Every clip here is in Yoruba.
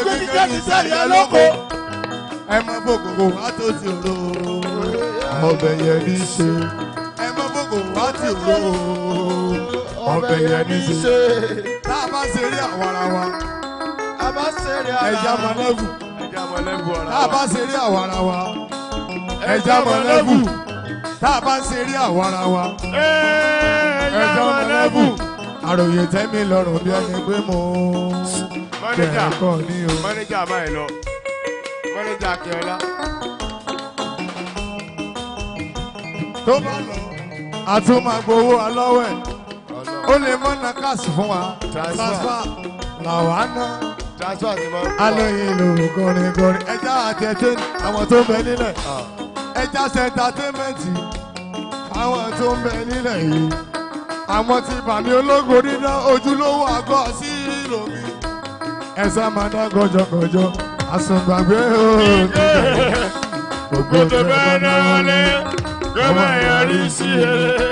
gbé ti jẹ́ ti sẹ́rì ẹ lóko. ẹ mọ bògògò wá tó ti rò ọbẹ̀ yẹn ní í wa. a bá ṣeré ara wa. ẹja mọ̀lẹ́bù. ẹja mọ̀lẹ́bù ara wa. tá a bá ṣeré wa. ẹja mọ̀lẹ́bù. tá a bá ṣeré àwara wa. ẹja mọ̀lẹ́bù. àròyé tẹ́mi lọ́rùn bí ẹni pé mo bẹ̀rẹ̀ kọ́ ni o. mọ́nẹ́jà máa ń lọ mọ́nẹ́jà akíọ́lá. tó bá lọ a tún máa gbowó alọ́wẹ̀ ó lè mọ́ na káàsì fún wa transfer làwọn á ná alóyin ìlú gorin gorin ẹja àti ẹtẹ àwọn tó ń bẹ nílẹ̀ ah. ẹja sẹńtàtẹmẹǹtì àwọn tó ń bẹ nílẹ̀ yìí àwọn ti bàmí ológo dídá ojúlówó àgọ́ sí ìlòmí ẹsẹ̀ máa dá gọjọgọjọ àsùngbàgbé ooo. ògbódò bá náwó lé kó má yọrí sí eré.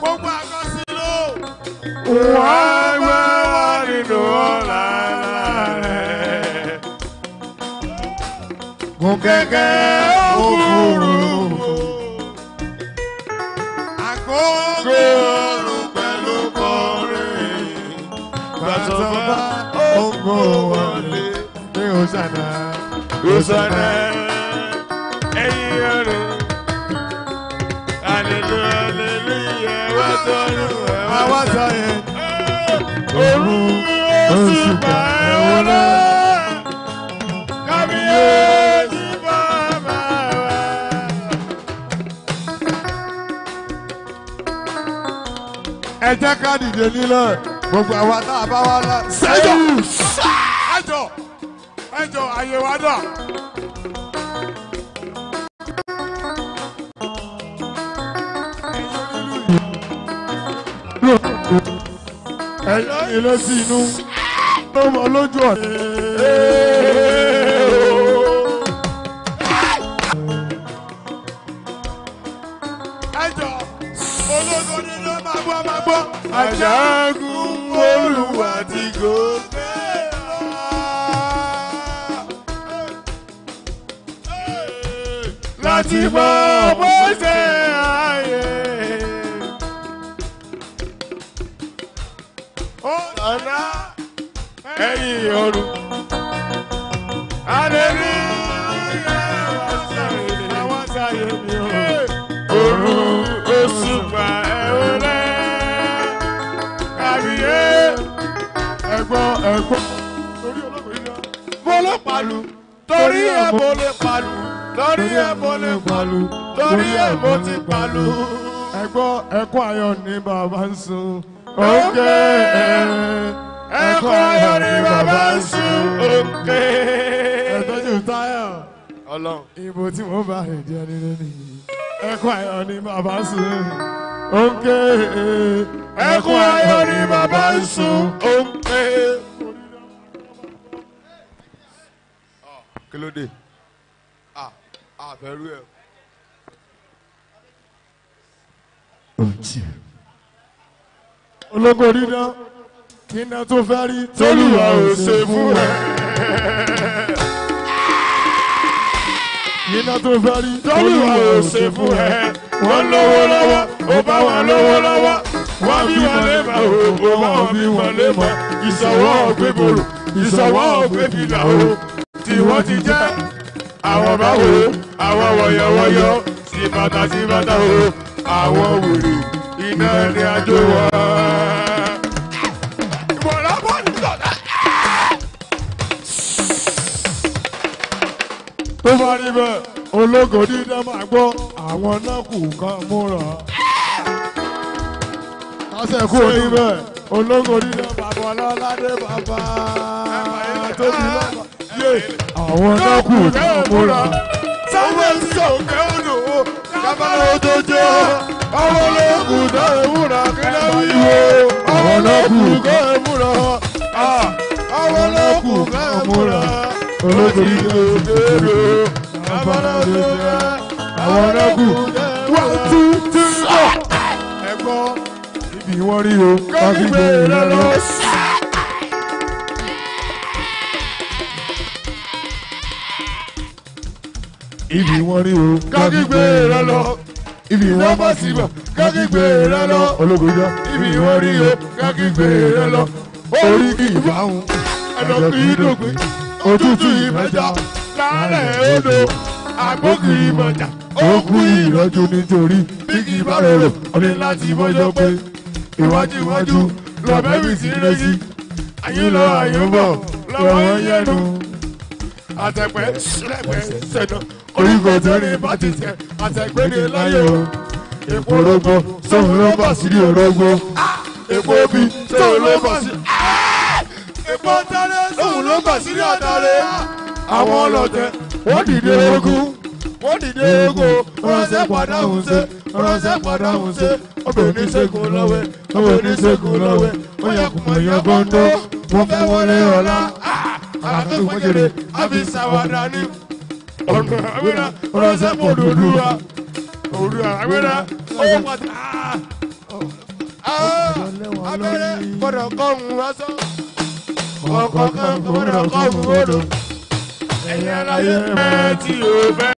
gbogbo àkọsílò. wàá gbé wá nínú ọ̀la rẹ̀. gùn kẹ̀kẹ́ òkúrú kó gbé ọrùn pẹ̀lú kọrin. Gbàtọ̀ bá ó ń kó wọlé ní Hosanna. Hosanna. ẹ jẹ́ ká dìde nílẹ̀ gbogbo àwa tá a bá wá lá. sẹ́jọ́ ẹjọ́ ẹjọ́ àyè wa dà. ẹ̀yìn ilé sí inú ló mọ lójú ọ̀rẹ́. ajagun olúwa ti gòkè. láti mọ bó ṣe ààyè. ọ̀nà ẹ̀yìn ọ̀run. alẹ́lú àwọn sáyé mi ò. òru oṣù pa. ẹ̀kọ́ torí pàlù torí ẹ̀ mo pàlù torí ẹ̀ mo pàlù torí ẹ̀ mo ti pàlù. ẹ̀gbọ́ ẹ̀kọ́ ayọ̀ ni bàbá ń sun. òkè ẹ̀kọ́ ayọ̀ ni bàbá ń sun. òkè. ẹ̀tọ́jú táyà ọlọ́run. ibo tí mo bá rè jẹ́ nínú nìyí. ẹ̀kọ́ ayọ̀ ni bàbá ń sun òǹkè ẹkún ayọ̀ ni bàbá ń sun òǹkè. kí ló dé àbẹ̀rù ẹ̀. ológo dídán kí iná tó fẹ́ rí tólùwà ò ṣe fún ẹ. iná tó fẹ́ rí tólùwà ò ṣe fún ẹ. wọ́n lówó lọ́wọ́ ó bá wọn lówó lọ́wọ́ wọ́n bí wọn lè mọ̀ òògùn wọn bí wọn lè mọ̀ ìṣọwọ́ ọ̀gbẹ́gbòrò ìṣọwọ́ ọ̀gbẹ́bìlà o tí wọ́n ti jẹ́ àwọn báwo àwọn wọ̀yọ̀wọ̀yọ̀ sí bàtà sí bàtà o àwọn wèrè iná ẹni àjò wọ̀. tó bá rí bẹ́ẹ̀ ológo dídá máa gbọ́ àwọn náà kù kan múra. kásẹ̀ kú òní bẹ́ẹ̀ ológo dídá bàbá ọlọ́ládé bàbá tóbi lọ́ba àwọn náà kù tí wọ́n múra. sáwọn ẹ̀sọ́ kẹ́hónú wo kábàlá òjòjò àwọn ológun náà múra kíná wíwo àwọn ológun náà múra àwọn ológun náà múra ológun náà múra kábàlá òjòjò àwọn ológun wà tú tú lọ. ẹ̀gbọ́n ibi wọ́n rí o káfíńgbé rẹ e e lọ. ibi wọ́n rí o kákígbé rẹ lọ ibi wọ́n bá sí bọ̀ kákígbé rẹ lọ ológunjọ́ ibi wọ́n rí o kákígbé rẹ lọ orí kì í bá wọn ẹ̀dọ̀ kì í dògbé òtútù ìmọ̀jà lálẹ́ odò àgbókù ìmọ̀jà òkú ìrọ́jú nítorí bí kì í bá rẹ̀ rò ọdẹ láti mọ́jọ́ pé iwájú iwájú lọ́bẹ̀bì sí rẹ̀ sí àyùn lọ àyùn bọ̀ lọ́wọ́ yẹnu àtẹ̀pẹ́ sílẹ̀pẹ́ sẹ̀nà oríkò tó ní bàtí tẹ̀ àtẹ̀pẹ́ ní láyé o. èpo orógbó sóhun ló bà sí orógbó èpo obì sóhun ló bà sí. èpo tẹ́lẹ̀ sóhun ló bà sí àtàrẹ. àwọn ọlọ́tẹ̀ wọ́n dìde ogun wọ́n dìde ogun ránṣẹ́ padà hùn ṣe ránṣẹ́ padà hùn ṣe obìnrin ṣègùn lọ́wẹ́ obìnrin ṣègùn lọ́wẹ́ ó yẹ kùmọ̀ yẹ bọ́ńdọ́ wọ́n fẹ́ wọlé ọ̀la àtúgbẹ́gẹ́dẹ́ àfisà wàdà ní ọ̀nà àgbẹ̀dá ọlọ́sẹ̀pọ̀ òdòdúwa òdòdúwa àgbẹ̀dá ọwọ́ pàtó abẹ́rẹ́ gbọ́dọ̀ kọ́hún lọ́sọ̀ ọ̀kọ̀ọ̀kan gbọ́dọ̀ kọ́hún odò ẹ̀yìn aláyé mẹ́tì ò fẹ́.